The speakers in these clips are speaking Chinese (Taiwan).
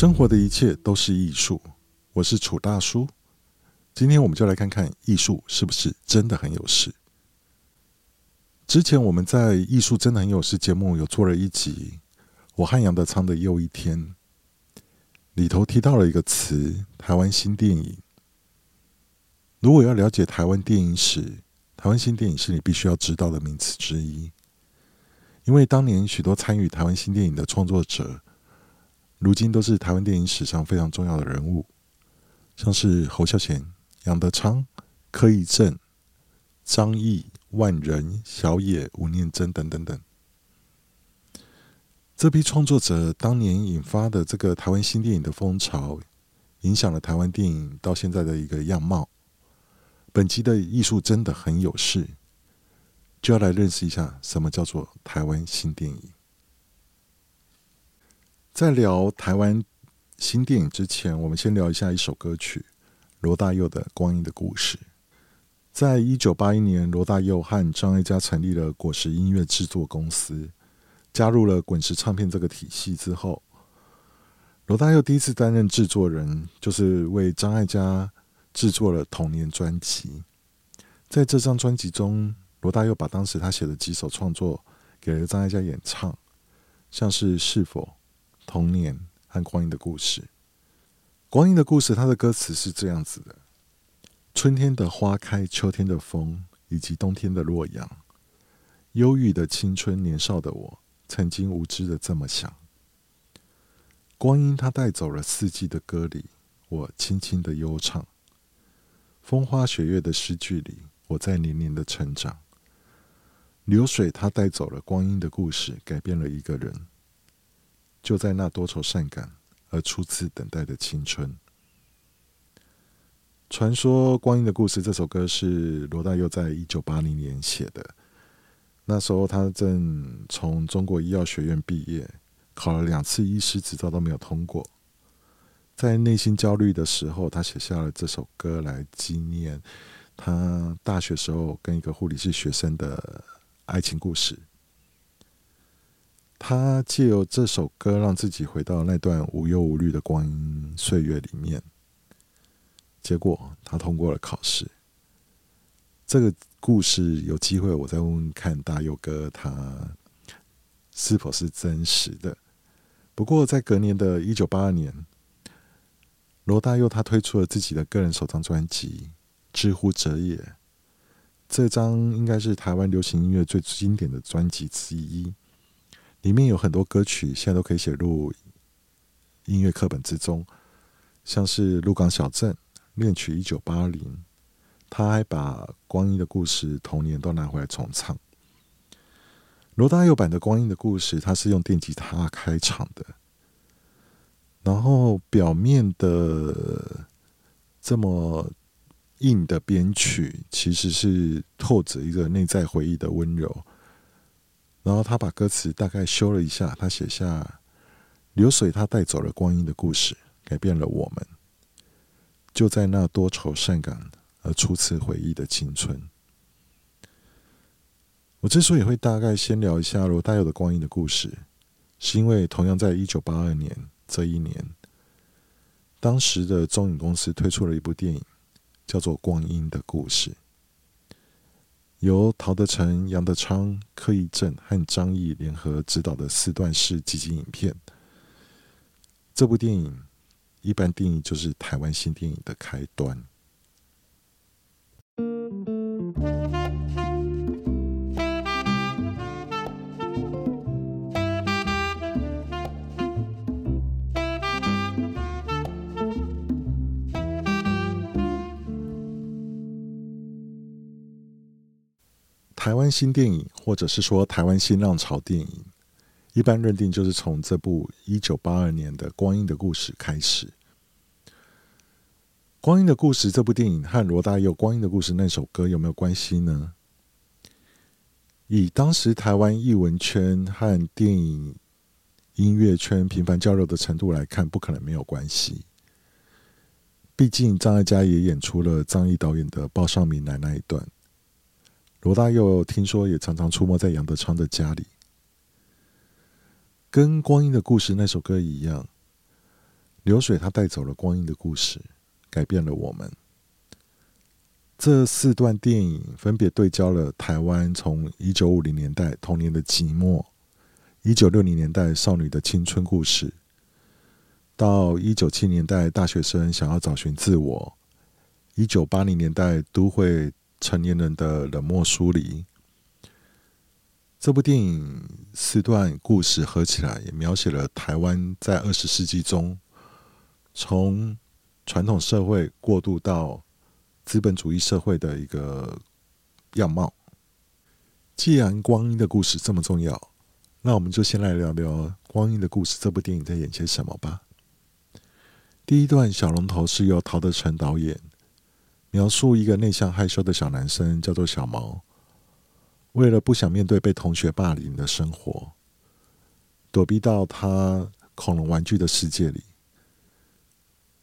生活的一切都是藝術。我是楚大叔，今天我們就來看看藝術是不是真的很有事。之前我們在《藝術真的很有事》節目有做了一集，我和楊德昌的《又一天》，裡頭提到了一個詞——台灣新電影。如果要了解台灣電影史，台灣新電影是你必須要知道的名詞之一，因為當年許多參與台灣新電影的創作者。如今都是台灣電影史上非常重要的人物，像是侯孝賢、楊德昌、柯一正、張毅、萬仁、小野、吳念真等等等。這批創作者當年引發的這個台灣新電影的風潮，影響了台灣電影到現在的一個樣貌。本集的藝術真的很有事，就要來認識一下什麼叫做台灣新電影。在聊台灣新電影之前，我們先聊一下一首歌曲——羅大佑的《光陰的故事》。在一九八一年，羅大佑和張艾嘉成立了果實音樂製作公司，加入了滾石唱片這個體系之後，羅大佑第一次擔任製作人，就是為張艾嘉製作了《童年》專輯。在這張專輯中，羅大佑把當時他寫的幾首創作給了張艾嘉演唱，像是《是否》。童年和光陰的故事，光陰的故事，它的歌詞是這樣子的：春天的花開，秋天的風，以及冬天的洛陽，憂鬱的青春，年少的我，曾經無知的這麼想。光陰，它帶走了四季的歌裡，我輕輕的悠唱；風花雪月的詩句裡，我在年年的成長。流水，它帶走了光陰的故事，改變了一個人。就在那多愁善感而初次等待的青春，傳說光陰的故事這首歌是羅大佑在一九八零年寫的。那時候他正從中國醫藥學院畢業，考了兩次醫師執照都沒有通過，在內心焦慮的時候，他寫下了這首歌來紀念他大學時候跟一個護理系學生的愛情故事。他借由這首歌讓自己回到那段無憂無慮的光陰歲月裡面，結果他通過了考試。這個故事有機會我再問問看大佑哥他是否是真實的。不過在隔年的一九八二年，羅大佑他推出了自己的個人首張專輯《之乎者也》，這張應該是台灣流行音樂最經典的專輯之一。裡面有很多歌曲，現在都可以寫入音樂課本之中，像是《鹿港小鎮》、《戀曲一九八零》，他還把《光陰的故事》、《童年》都拿回來重唱。羅大佑版的《光陰的故事》，他是用電吉他開場的，然後表面的這麼硬的編曲，其實是透着一個內在回憶的溫柔。然後他把歌詞大概修了一下，他寫下“流水，他帶走了光陰的故事，改變了我們。”就在那多愁善感而初次回憶的青春。我之所以會大概先聊一下羅大佑的《光陰的故事》，是因為同樣在一九八二年這一年，當時的中影公司推出了一部電影，叫做《光陰的故事》。由陶德辰、楊德昌、柯一正和張毅聯合執導的四段式劇情影片，這部電影一般定義就是台灣新電影的開端。台灣新電影，或者是說台灣新浪潮電影，一般認定就是從這部一九八二年的《光陰的故事》開始。《光陰的故事》這部電影和羅大佑《光陰的故事》那首歌有沒有關係呢？以當時台灣藝文圈和電影音樂圈頻繁交流的程度來看，不可能沒有關係。畢竟張艾嘉也演出了張毅導演的《報上名來》那一段。羅大佑聽說也常常出沒在楊德昌的家裡，跟《光陰的故事》那首歌一樣，流水它帶走了光陰的故事，改變了我們。這四段電影分別對焦了台灣從一九五零年代童年的寂寞，一九六零年代少女的青春故事，到一九七零年代大學生想要找尋自我，一九八零年代都會。成年人的冷漠疏離。這部電影四段故事合起來，也描寫了台灣在二十世紀中從傳統社會過渡到資本主義社會的一個樣貌。既然《光陰的故事》這麼重要，那我們就先來聊聊《光陰的故事》這部電影在演些什麼吧。第一段《小龍頭》是由陶德辰導演。描述一個內向害羞的小男生，叫做小毛。為了不想面對被同學霸凌的生活，躲避到他恐龍玩具的世界裡。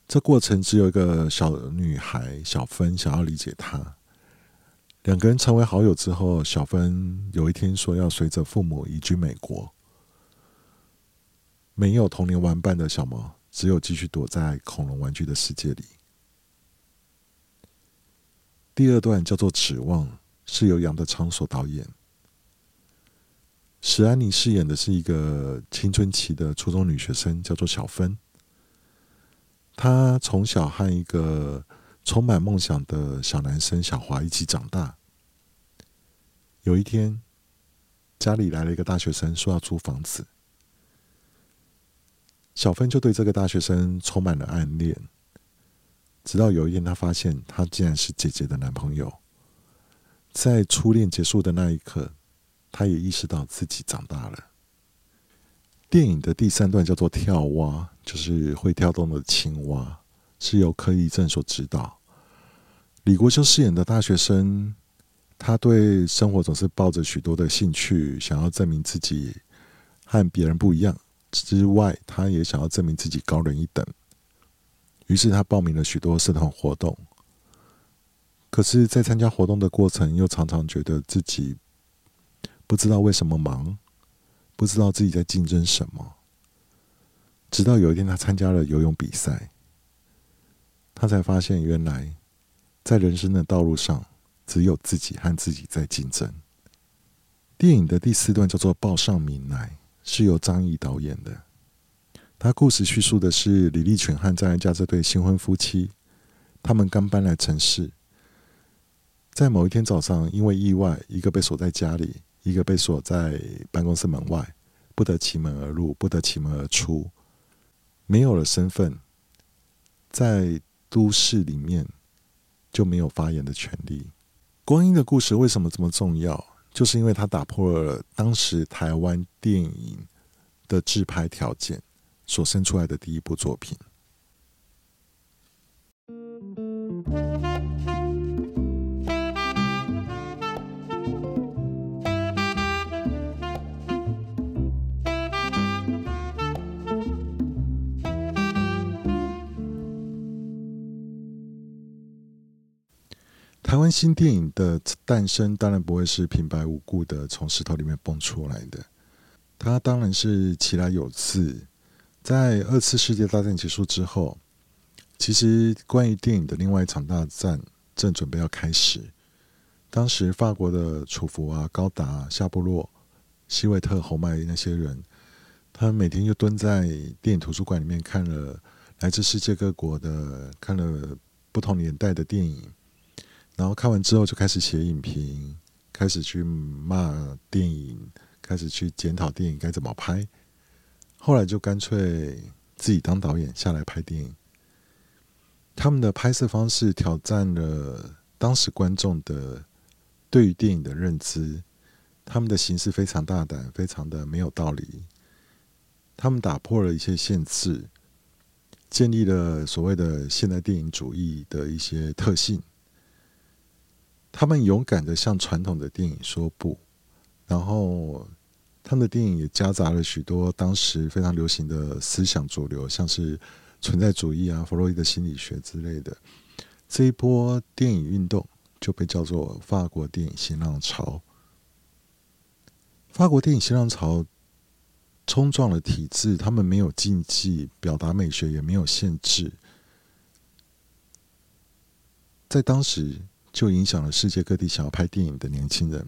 這過程只有一個小女孩小芬想要理解他。兩個人成為好友之後，小芬有一天說要隨着父母移居美國，沒有童年玩伴的小毛，只有繼續躲在恐龍玩具的世界裡。第二段叫做《指望》，是由楊德昌所導演，石安妮飾演的是一個青春期的初中女學生，叫做小芬。她從小和一個充滿夢想的小男生小華一起長大。有一天，家裡來了一個大學生，說要租房子，小芬就對這個大學生充滿了暗戀。直到有一天，他發現他竟然是姐姐的男朋友。在初戀結束的那一刻，他也意識到自己長大了。電影的第三段叫做《跳蛙》，就是會跳動的青蛙，是由柯一正所指導。李國修飾演的大學生，他對生活總是抱着許多的興趣，想要證明自己和別人不一樣。之外，他也想要證明自己高人一等。於是他報名了許多社團活動，可是，在參加活動的過程，又常常覺得自己不知道為什麼忙，不知道自己在競爭什麼。直到有一天，他參加了游泳比賽，他才發現，原來在人生的道路上，只有自己和自己在競爭。電影的第四段叫做《報上名來》，是由張毅導演的。他故事敘述的是李立群和張艾嘉這對新婚夫妻。他們剛搬來城市，在某一天早上，因為意外，一個被鎖在家裡，一個被鎖在辦公室門外，不得其門而入，不得其門而出。沒有了身份，在都市裡面就沒有發言的權利。《光陰的故事》為什麼這麼重要？就是因為它打破了當時台灣電影的制拍條件。所生出來的第一部作品。台灣新電影的誕生，當然不會是平白無故的從石頭裡面蹦出來的，它當然是其來有自。在二次世界大戰結束之後，其實關於電影的另外一場大戰正準備要開始。當時法國的楚浮啊、高達、夏布洛、希維特、侯麥那些人，他們每天就蹲在電影圖書館裡面看了來自世界各國的、看了不同年代的電影，然後看完之後就開始寫影評，開始去罵電影，開始去檢討電影該怎麼拍。後來就乾脆自己當導演下來拍電影。他們的拍攝方式挑戰了當時觀眾的對於電影的認知，他們的形式非常大膽，非常的沒有道理，他們打破了一些限制，建立了所謂的現代電影主義的一些特性。他們勇敢的向傳統的電影說不，然後。他們的電影也夾雜了許多當時非常流行的思想主流，像是存在主義啊、弗洛伊德心理學之類的。這一波電影運動就被叫做法國電影新浪潮。法國電影新浪潮衝撞了體制，他們沒有禁忌，表達美學也沒有限制。在當時就影響了世界各地想要拍電影的年輕人。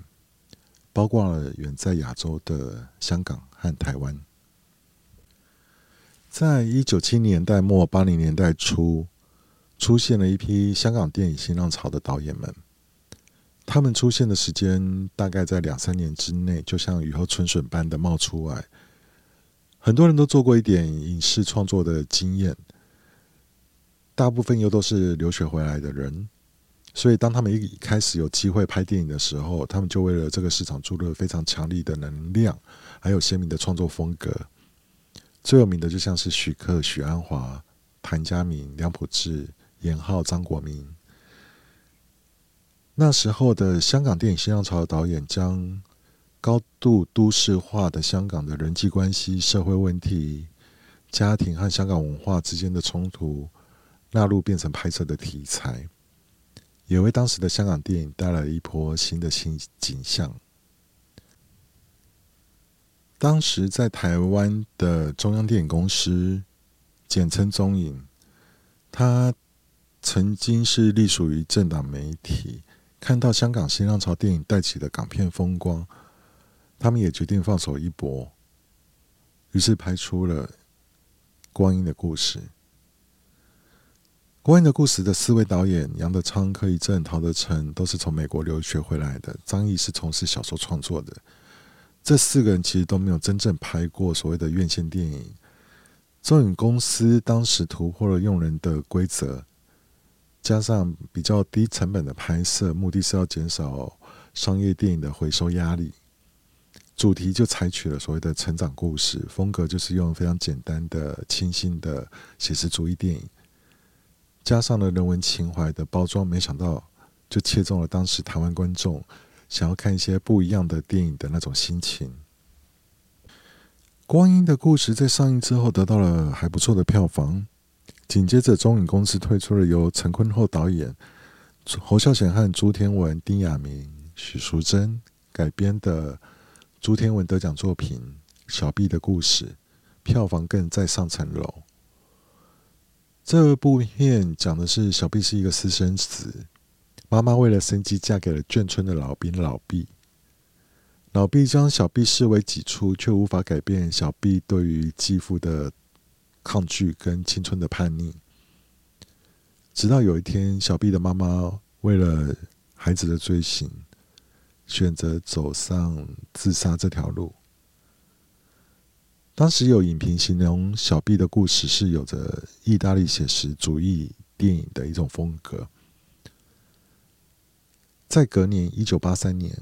包括了遠在亞洲的香港和台灣，在一九七零年代末八零年代初，出現了一批香港電影新浪潮的導演們。他們出現的時間大概在兩三年之內，就像雨後春筍般的冒出來。很多人都做過一點影視創作的經驗，大部分又都是留學回來的人。所以，當他們一開始有機會拍電影的時候，他們就為了這個市場注入了非常強力的能量，還有鮮明的創作風格。最有名的就像是徐克、許鞍華、譚家明、梁普志、嚴浩、張國明。那時候的香港電影新浪潮的導演，將高度都市化的香港的人際關係、社會問題、家庭和香港文化之間的衝突納入，變成拍攝的題材。也為當時的香港電影帶來了一波新的新景象。當時在台灣的中央電影公司，簡稱中影，它曾經是隸屬於政黨媒體，看到香港新浪潮電影帶起的港片風光，他們也決定放手一搏，於是拍出了《光陰的故事》。光陰的故事的四位導演楊德昌、柯一正、陶德辰都是從美國留學回來的。張毅是從事小說創作的。這四個人其實都沒有真正拍過所謂的院線電影。中影公司當時突破了用人的規則，加上比較低成本的拍攝，目的是要減少商業電影的回收壓力。主題就採取了所謂的成長故事，風格就是用非常簡單的、清新的寫實主義電影。加上了人文情懷的包裝，沒想到就切中了當時台灣觀眾想要看一些不一樣的電影的那種心情。《光陰的故事》在上映之後得到了還不錯的票房。緊接着，中影公司推出了由陳坤厚導演、侯孝賢和朱天文、丁亞明、許淑珍改編的朱天文得獎作品《小畢的故事》，票房更再上層樓。這部片講的是小畢是一個私生子，媽媽為了生計嫁給了眷村的老兵老畢，老畢將小畢視為己出，卻無法改變小畢對於繼父的抗拒跟青春的叛逆。直到有一天，小畢的媽媽為了孩子的罪行，選擇走上自殺這條路。當時有影評形容小畢的故事是有着意大利寫實主義電影的一種風格。在隔年一九八三年，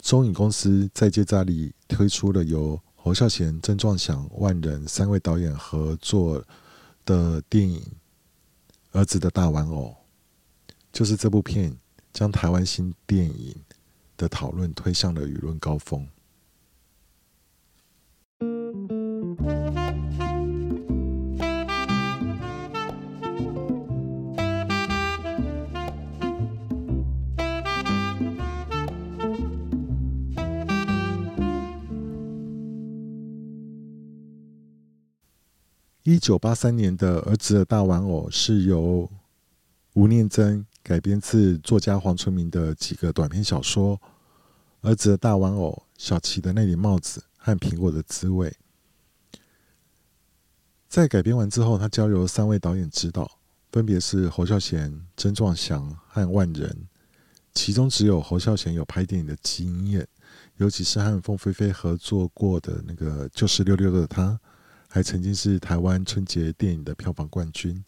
中影公司再接再厲推出了由侯孝賢、曾壯祥、萬仁三位導演合作的電影《兒子的大玩偶》，就是這部片將台灣新電影的討論推向了輿論高峰。一九八三年的《兒子的大玩偶》是由吳念真改編自作家黃春明的幾個短篇小說，《兒子的大玩偶》、《小琪的那頂帽子》和《蘋果的滋味》。在改編完之後，他交由三位導演指導，分別是侯孝賢、曾壯祥和萬仁。其中只有侯孝賢有拍電影的經驗，尤其是和鳳飛飛合作過的那個《就是溜溜的她》。還曾經是台灣春節電影的票房冠軍。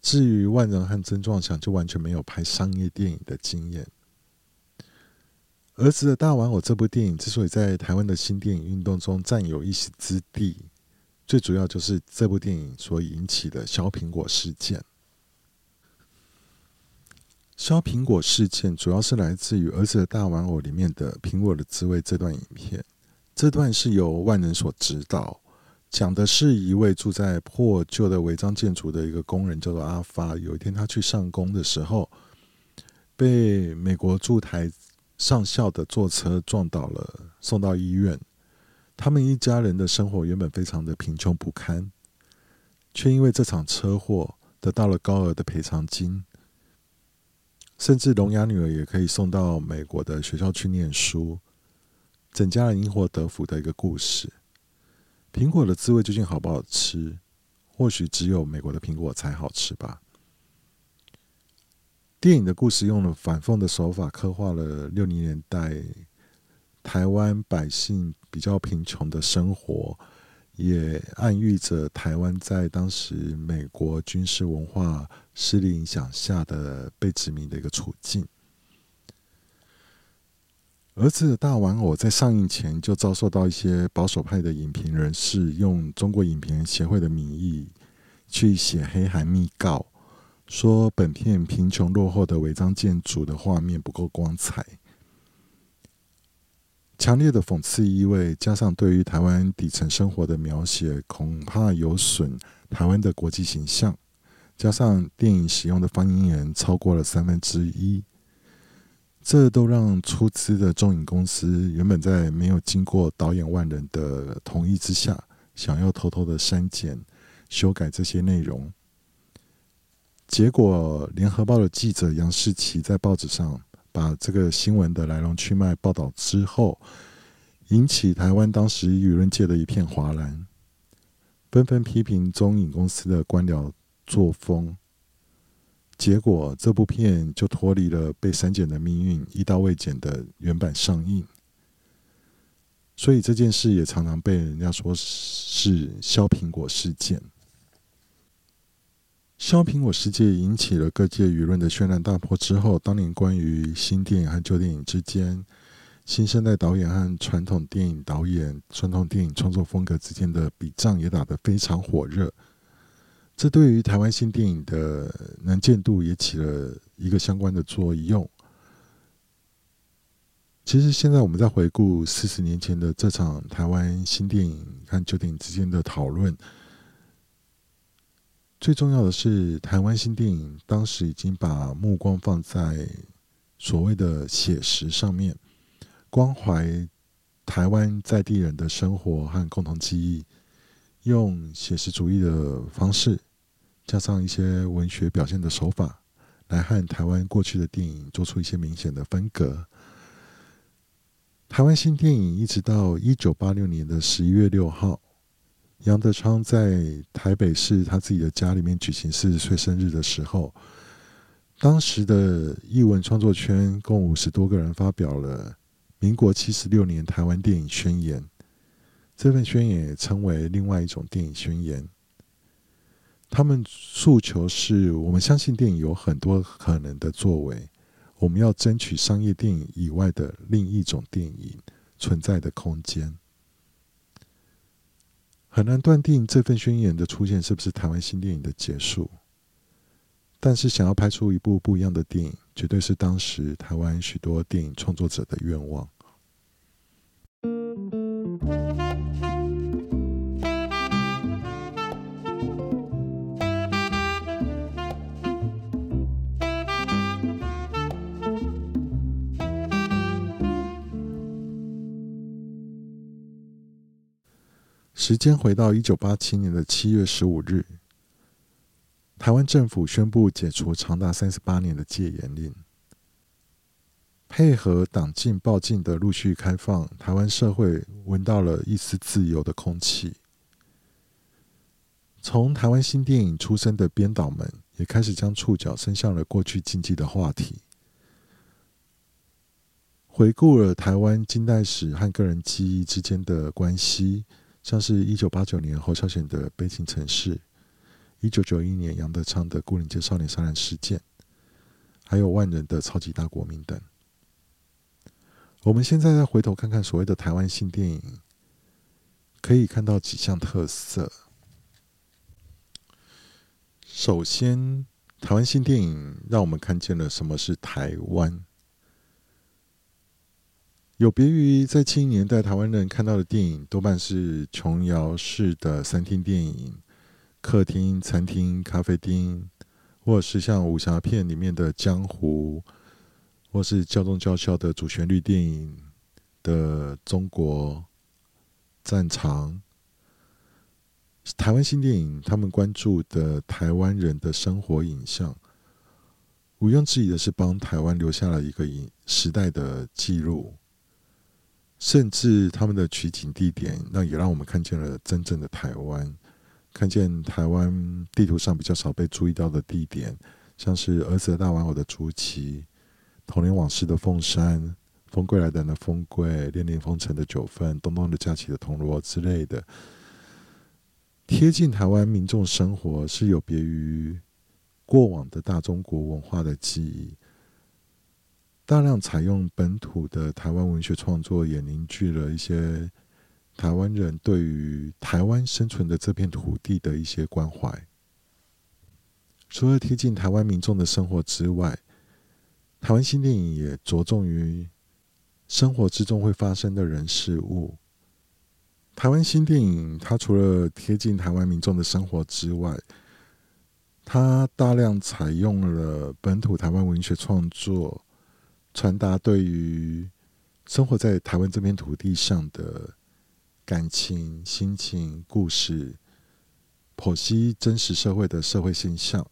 至於萬仁和曾壯祥，就完全沒有拍商業電影的經驗。《兒子的大玩偶》這部電影之所以在台灣的新電影運動中佔有一席之地，最主要就是這部電影所引起的“削蘋果事件”。削蘋果事件主要是來自於《兒子的大玩偶》裡面的“蘋果的滋味”這段影片，這段是由萬仁所指導。講的是一位住在破舊的違章建築的一個工人，叫做阿發。有一天，他去上工的時候，被美國駐台上校的坐車撞倒了，送到醫院。他們一家人的生活原本非常的貧窮不堪，卻因為這場車禍得到了高額的賠償金，甚至聾啞女兒也可以送到美國的學校去念書，整家人因禍得福的一個故事。蘋果的滋味究竟好不好吃？或許只有美國的蘋果才好吃吧。電影的故事用了反諷的手法，刻畫了六零年代台灣百姓比較貧窮的生活，也暗喻着台灣在當時美國軍事文化勢力影響下的被殖民的一個處境。兒子的大玩偶在上映前就遭受到一些保守派的影評人士用中國影評協會的名義去寫黑函密告，說本片貧窮落後的違章建築的畫面不夠光彩，強烈的諷刺意味加上對於台灣底層生活的描寫，恐怕有損台灣的國際形象。加上電影使用的方言超過了三分之一。這都讓出資的中影公司原本在沒有經過導演萬仁的同意之下，想要偷偷的刪減、修改這些內容，結果聯合報的記者楊士琪在報紙上把這個新聞的來龍去脈報道之後，引起台灣當時輿論界的一片嘩然，紛紛批評中影公司的官僚作風。結果，這部片就脫離了被刪減的命運，一刀未剪的原版上映。所以這件事也常常被人家說是“削蘋果事件”。削蘋果事件引起了各界輿論的軒然大波。之後，當年關於新電影和舊電影之間、新生代導演和傳統電影導演、傳統電影創作風格之間的筆仗也打得非常火熱。這對於台灣新電影的能見度也起了一個相關的作用。其實現在我們在回顧四十年前的這場台灣新電影和舊電影之間的討論，最重要的是台灣新電影當時已經把目光放在所謂的寫實上面，關懷台灣在地人的生活和共同記憶，用寫實主義的方式。加上一些文學表現的手法，來和台灣過去的電影做出一些明顯的分隔。台灣新電影一直到一九八六年的十一月六號，楊德昌在台北市他自己的家裡面舉行四十歲生日的時候，當時的藝文創作圈共五十多個人發表了《民國七十六年台灣電影宣言》，這份宣言也稱為另外一種電影宣言。他們訴求是我們相信電影有很多可能的作為，我們要爭取商業電影以外的另一種電影存在的空間。很難斷定這份宣言的出現是不是台灣新電影的結束，但是想要拍出一部不一樣的電影，絕對是當時台灣許多電影創作者的願望。時間回到一九八七年的七月十五日，臺灣政府宣布解除長達三十八年的戒嚴令，配合黨禁報禁的陸續開放，臺灣社會聞到了一絲自由的空氣。從台灣新電影出身的編導們也開始將觸角伸向了過去禁忌的話題。回顧了台灣近代史和個人記憶之間的關係。像是一九八九年侯孝賢的《悲情城市》，一九九一年楊德昌的《牯嶺街少年殺人事件》，還有萬仁的《超級大國民》等。我們現在再回頭看看所謂的台灣新電影，可以看到幾項特色。首先，台灣新電影讓我們看見了什麼是台灣。有別於在七零年代台灣人看到的電影，多半是瓊瑤式的三廳電影、客廳、餐廳、咖啡廳，或是像武俠片裡面的江湖，或是教忠教孝的主旋律電影的中國戰場。台灣新電影他們關注的台灣人的生活影像，毋庸置疑的是，幫台灣留下了一個影時代的記錄。甚至他們的取景地點，那也讓我們看見了真正的台灣，看見台灣地圖上比較少被注意到的地點，像是兒子的大玩偶的竹崎、童年往事的鳳山、風櫃來的那風櫃、戀戀風塵的九份、冬冬的假期的銅鑼之類的，貼近台灣民眾生活，是有別於過往的大中國文化的記憶。大量採用本土的台灣文學創作，也凝聚了一些台灣人對於台灣生存的這片土地的一些關懷。除了貼近台灣民眾的生活之外，台灣新電影也着重於生活之中會發生的人事物。台灣新電影它除了貼近台灣民眾的生活之外，它大量採用了本土台灣文學創作。傳達對於生活在台灣這片土地上的感情、心情、故事，剖析真實社會的社會現象，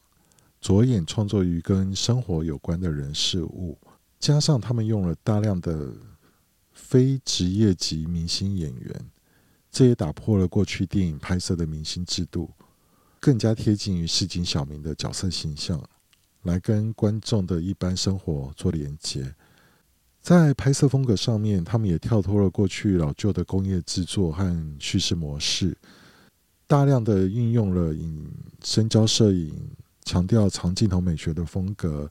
着眼創作於跟生活有關的人事物，加上他們用了大量的非職業級明星演員，這也打破了過去電影拍攝的明星制度，更加貼近於市井小民的角色形象。來跟觀眾的一般生活做連接，在拍攝風格上面，他們也跳脫了過去老舊的工業製作和敘事模式，大量的運用了影深焦攝影，強調長鏡頭美學的風格，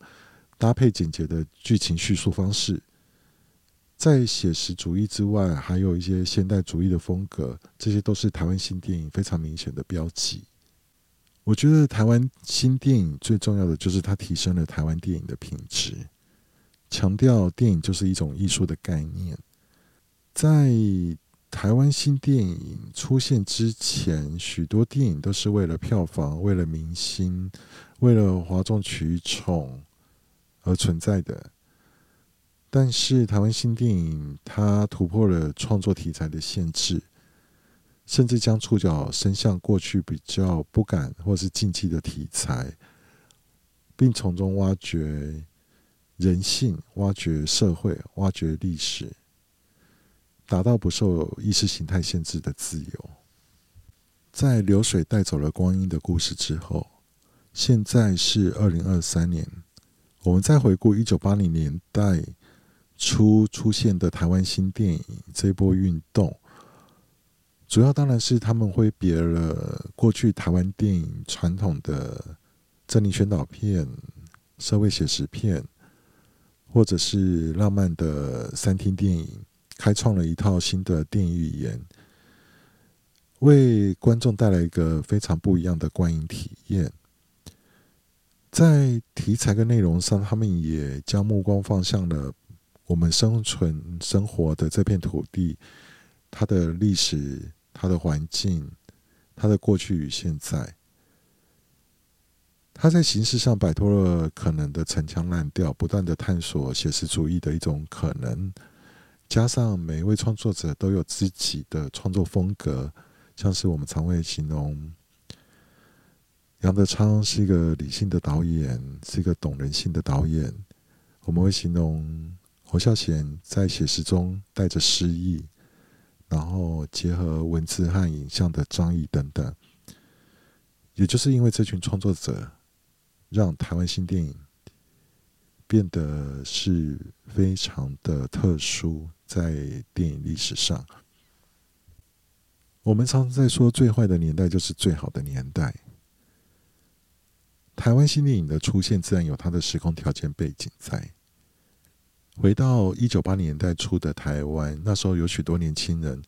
搭配簡潔的劇情敘述方式。在寫實主義之外，還有一些現代主義的風格，這些都是台灣新電影非常明顯的標記。我覺得台灣新電影最重要的就是它提升了台灣電影的品質，強調電影就是一種藝術的概念。在台灣新電影出現之前，許多電影都是為了票房、為了明星、為了嘩眾取寵而存在的。但是台灣新電影它突破了創作題材的限制。甚至將觸角伸向過去比較不敢，或是禁忌的題材，並從中挖掘人性、挖掘社會、挖掘歷史，達到不受意識形態限制的自由。在流水帶走了光陰的故事之後，現在是二零二三年，我們再回顧一九八零年代初出現的台灣新電影這一波運動。主要當然是他們揮別了過去台灣電影傳統的政令宣導片、社會寫實片，或者是浪漫的三廳電影，開創了一套新的電影語言，為觀眾帶來一個非常不一樣的觀影體驗。在題材跟內容上，他們也將目光放向了我們生存生活的這片土地，它的歷史。他的環境，他的過去與現在，他在形式上擺脫了可能的陳腔濫調，不斷的探索寫實主義的一種可能。加上每一位創作者都有自己的創作風格，像是我們常會形容楊德昌是一個理性的導演，是一個懂人性的導演。我們會形容侯孝賢在寫實中帶着詩意。然後結合文字和影像的張毅等等，也就是因為這群創作者，讓台灣新電影變得是非常的特殊，在電影歷史上，我們常常在說最壞的年代就是最好的年代。台灣新電影的出現，自然有它的時空條件背景在。回到一九八零年代初的台灣，那時候有許多年輕人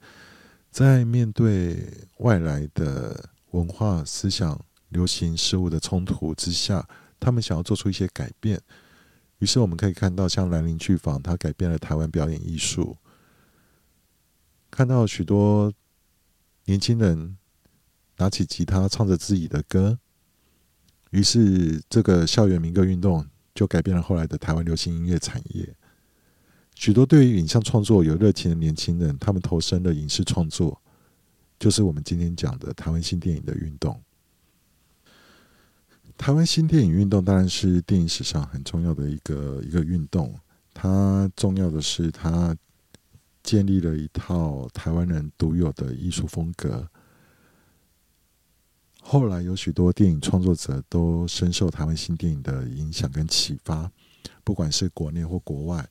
在面對外來的文化、思想、流行事物的衝突之下，他們想要做出一些改變。於是我們可以看到，像蘭陵劇坊，它改變了台灣表演藝術；看到許多年輕人拿起吉他，唱着自己的歌。於是，這個校園民歌運動就改變了後來的台灣流行音樂產業。許多對於影像創作有熱情的年輕人，他們投身了影視創作，就是我們今天講的台灣新電影的運動。台灣新電影運動當然是電影史上很重要的一個一個運動。它重要的是，它建立了一套台灣人獨有的藝術風格。後來有許多電影創作者都深受台灣新電影的影響跟啟發，不管是國內或國外。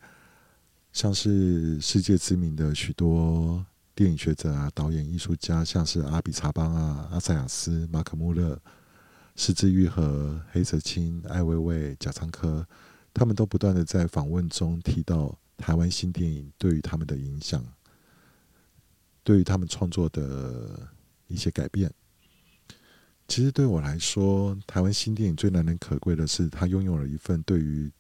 像是世界知名的許多電影學者啊、導演、藝術家，像是阿比查邦啊、阿薩亞斯、馬可穆勒、是枝裕和、黑澤清、艾薇薇、賈樟柯，他們都不斷的在訪問中提到台灣新電影對於他們的影響，對於他們創作的一些改變。其實對我來說，台灣新電影最難能可貴的是，它擁有了一份對於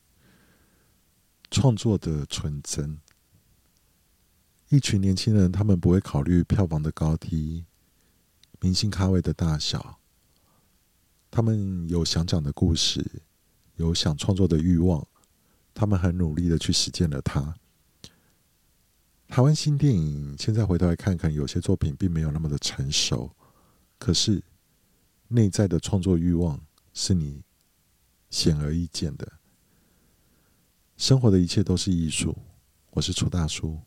創作的純真，一群年輕人，他們不會考慮票房的高低、明星咖位的大小，他們有想講的故事，有想創作的欲望，他們很努力的去實踐了它。台灣新電影現在回頭來看看，有些作品並沒有那麼的成熟，可是內在的創作欲望是你顯而易見的。生活的一切都是藝術。我是楚大叔，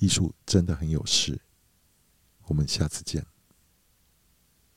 藝術真的很有事。我們下次見。